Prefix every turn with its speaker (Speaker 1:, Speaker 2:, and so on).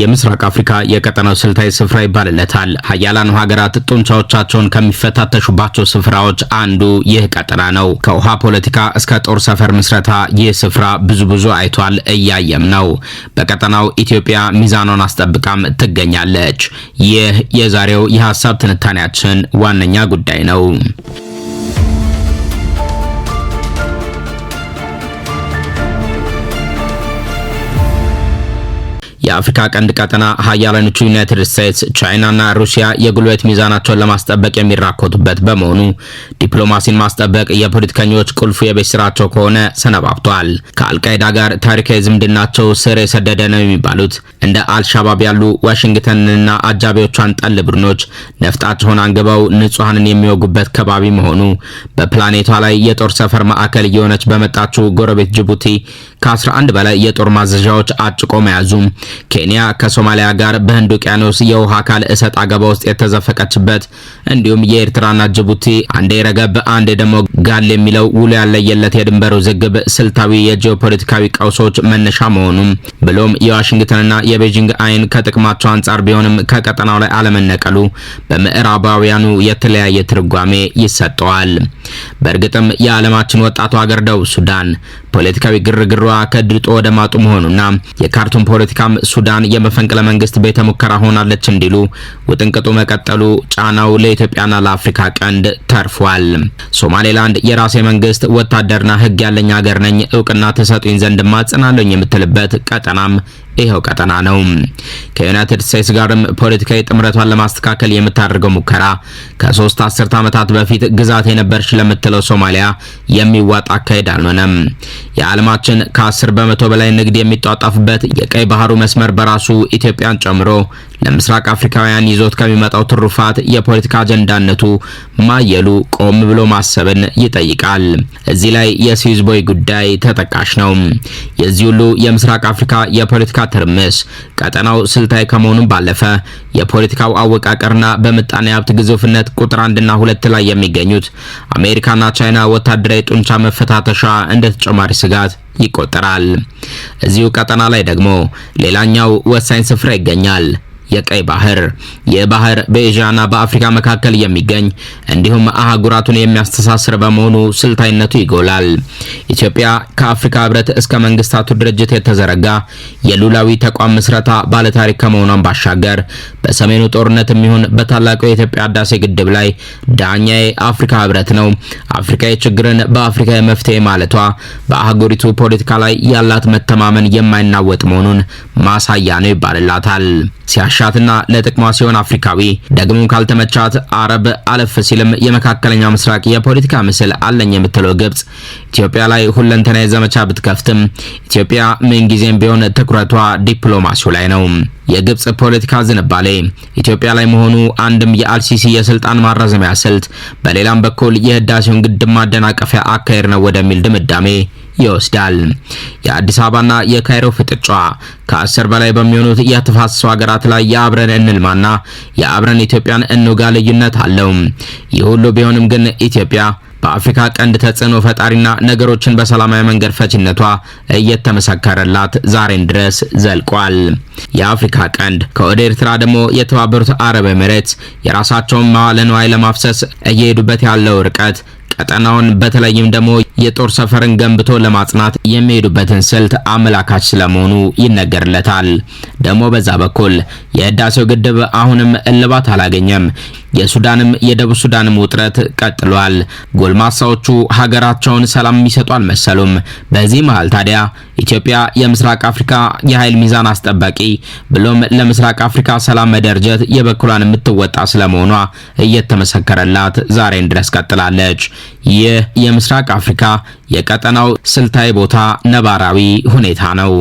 Speaker 1: የምስራቅ አፍሪካ የቀጠናው ስልታዊ ስፍራ ይባልለታል። ሀያላኑ ሀገራት ጡንቻዎቻቸውን ከሚፈታተሹባቸው ስፍራዎች አንዱ ይህ ቀጠና ነው። ከውሃ ፖለቲካ እስከ ጦር ሰፈር ምስረታ ይህ ስፍራ ብዙ ብዙ አይቷል፣ እያየም ነው። በቀጠናው ኢትዮጵያ ሚዛኗን አስጠብቃም ትገኛለች። ይህ የዛሬው የሀሳብ ትንታኔያችን ዋነኛ ጉዳይ ነው። የአፍሪካ ቀንድ ቀጠና ሀያላኖቹ ዩናይትድ ስቴትስ፣ ቻይናና ሩሲያ የጉልበት ሚዛናቸውን ለማስጠበቅ የሚራኮቱበት በመሆኑ ዲፕሎማሲን ማስጠበቅ የፖለቲከኞች ቁልፉ የቤት ስራቸው ከሆነ ሰነባብተዋል። ከአልቃይዳ ጋር ታሪካዊ ዝምድናቸው ስር የሰደደ ነው የሚባሉት እንደ አልሻባብ ያሉ ዋሽንግተንና አጃቢዎቿን ጠል ቡድኖች ነፍጣቸውን አንግበው ንጹሐንን የሚወጉበት ከባቢ መሆኑ በፕላኔቷ ላይ የጦር ሰፈር ማዕከል እየሆነች በመጣችው ጎረቤት ጅቡቲ ከ11 በላይ የጦር ማዘዣዎች አጭቆ መያዙም ኬንያ ከሶማሊያ ጋር በህንድ ውቅያኖስ የውሃ አካል እሰጥ አገባ ውስጥ የተዘፈቀችበት እንዲሁም የኤርትራና ጅቡቲ አንዴ ረገብ አንዴ ደግሞ ጋል የሚለው ውሎ ያለየለት የድንበር ውዝግብ ስልታዊ የጂኦፖለቲካዊ ቀውሶች መነሻ መሆኑም ብሎም የዋሽንግተንና የቤጂንግ አይን ከጥቅማቸው አንጻር ቢሆንም ከቀጠናው ላይ አለመነቀሉ በምዕራባውያኑ የተለያየ ትርጓሜ ይሰጠዋል። በእርግጥም የዓለማችን ወጣቱ ሀገር ደቡብ ሱዳን ፖለቲካዊ ግርግሯ ከድጦ ወደ ማጡ መሆኑና የካርቱም ፖለቲካም ሱዳን የመፈንቅለ መንግስት ቤተ ሙከራ ሆናለች እንዲሉ ውጥንቅጡ መቀጠሉ ጫናው ለኢትዮጵያና ለአፍሪካ ቀንድ ተርፏል። ሶማሌላንድ የራሴ መንግስት ወታደርና ህግ ያለኝ ሀገር ነኝ እውቅና ተሰጡኝ ዘንድ ማጽናለኝ የምትልበት ቀጠናም ይኸው ቀጠና ነው። ከዩናይትድ ስቴትስ ጋርም ፖለቲካዊ ጥምረቷን ለማስተካከል የምታደርገው ሙከራ ከሶስት አስርት ዓመታት በፊት ግዛት የነበረች ለምትለው ሶማሊያ የሚዋጥ አካሄድ አልሆነም። የዓለማችን ስ በመቶ በላይ ንግድ የሚጧጣፍበት የቀይ ባህሩ መስመር በራሱ ኢትዮጵያን ጨምሮ ለምስራቅ አፍሪካውያን ይዞት ከሚመጣው ትሩፋት የፖለቲካ አጀንዳነቱ ማየሉ ቆም ብሎ ማሰብን ይጠይቃል። እዚህ ላይ የስዊዝ ቦይ ጉዳይ ተጠቃሽ ነው። የዚህ ሁሉ የምስራቅ አፍሪካ የፖለቲካ ትርምስ ቀጠናው ስልታዊ ከመሆኑም ባለፈ የፖለቲካው አወቃቀርና በምጣኔ ሀብት ግዙፍነት ቁጥር አንድና ሁለት ላይ የሚገኙት አሜሪካና ቻይና ወታደራዊ ጡንቻ መፈታተሻ እንደ ተጨማሪ ስጋት ይቆጠራል። እዚሁ ቀጠና ላይ ደግሞ ሌላኛው ወሳኝ ስፍራ ይገኛል። የቀይ ባህር ይህ ባህር በኤዥያና በአፍሪካ መካከል የሚገኝ እንዲሁም አህጉራቱን የሚያስተሳስር በመሆኑ ስልታዊነቱ ይጎላል። ኢትዮጵያ ከአፍሪካ ህብረት እስከ መንግስታቱ ድርጅት የተዘረጋ የሉላዊ ተቋም ምስረታ ባለታሪክ ከመሆኗን ባሻገር በሰሜኑ ጦርነት የሚሆን በታላቁ የኢትዮጵያ ህዳሴ ግድብ ላይ ዳኛዬ አፍሪካ ህብረት ነው። አፍሪካ የችግርን በአፍሪካ የመፍትሄ ማለቷ በአህጉሪቱ ፖለቲካ ላይ ያላት መተማመን የማይናወጥ መሆኑን ማሳያ ነው ይባልላታል። ሲያሻትና ለጥቅሟ ሲሆን አፍሪካዊ ደግሞ ካልተመቻት አረብ፣ አለፍ ሲልም የመካከለኛ ምስራቅ የፖለቲካ ምስል አለኝ የምትለው ግብጽ ኢትዮጵያ ላይ ሁለንተና የዘመቻ ብትከፍትም ኢትዮጵያ ምንጊዜም ቢሆን ትኩረቷ ዲፕሎማሲው ላይ ነው። የግብጽ ፖለቲካ ዝንባሌ ኢትዮጵያ ላይ መሆኑ አንድም የአልሲሲ የስልጣን ማራዘሚያ ስልት፣ በሌላም በኩል የህዳሴውን ግድብ ማደናቀፊያ አካሄድ ነው ወደሚል ድምዳሜ ይወስዳል። የአዲስ አበባና የካይሮ ፍጥጫ ከአስር በላይ በሚሆኑት የተፋሰሱ ሀገራት ላይ የአብረን እንልማና የአብረን ኢትዮጵያን እንውጋ ልዩነት አለው። ይህ ሁሉ ቢሆንም ግን ኢትዮጵያ በአፍሪካ ቀንድ ተጽዕኖ ፈጣሪና ነገሮችን በሰላማዊ መንገድ ፈችነቷ እየተመሰከረላት ዛሬን ድረስ ዘልቋል። የአፍሪካ ቀንድ ከወደ ኤርትራ ደግሞ የተባበሩት አረብ ኤምሬትስ የራሳቸውን መዋለ ንዋይ ለማፍሰስ እየሄዱበት ያለው ርቀት ቀጠናውን በተለይም ደግሞ የጦር ሰፈርን ገንብቶ ለማጽናት የሚሄዱበትን ስልት አመላካች ስለመሆኑ ይነገርለታል። ደግሞ በዛ በኩል የህዳሴው ግድብ አሁንም እልባት አላገኘም። የሱዳንም የደቡብ ሱዳንም ውጥረት ቀጥሏል። ጎልማሳዎቹ ሀገራቸውን ሰላም የሚሰጡ አልመሰሉም። በዚህ መሀል ታዲያ ኢትዮጵያ የምስራቅ አፍሪካ የኃይል ሚዛን አስጠባቂ ብሎም ለምስራቅ አፍሪካ ሰላም መደርጀት የበኩሏን የምትወጣ ስለመሆኗ እየተመሰከረላት ዛሬን ድረስ ቀጥላለች። ይህ የምስራቅ አፍሪካ የቀጠናው ስልታዊ ቦታ ነባራዊ ሁኔታ ነው።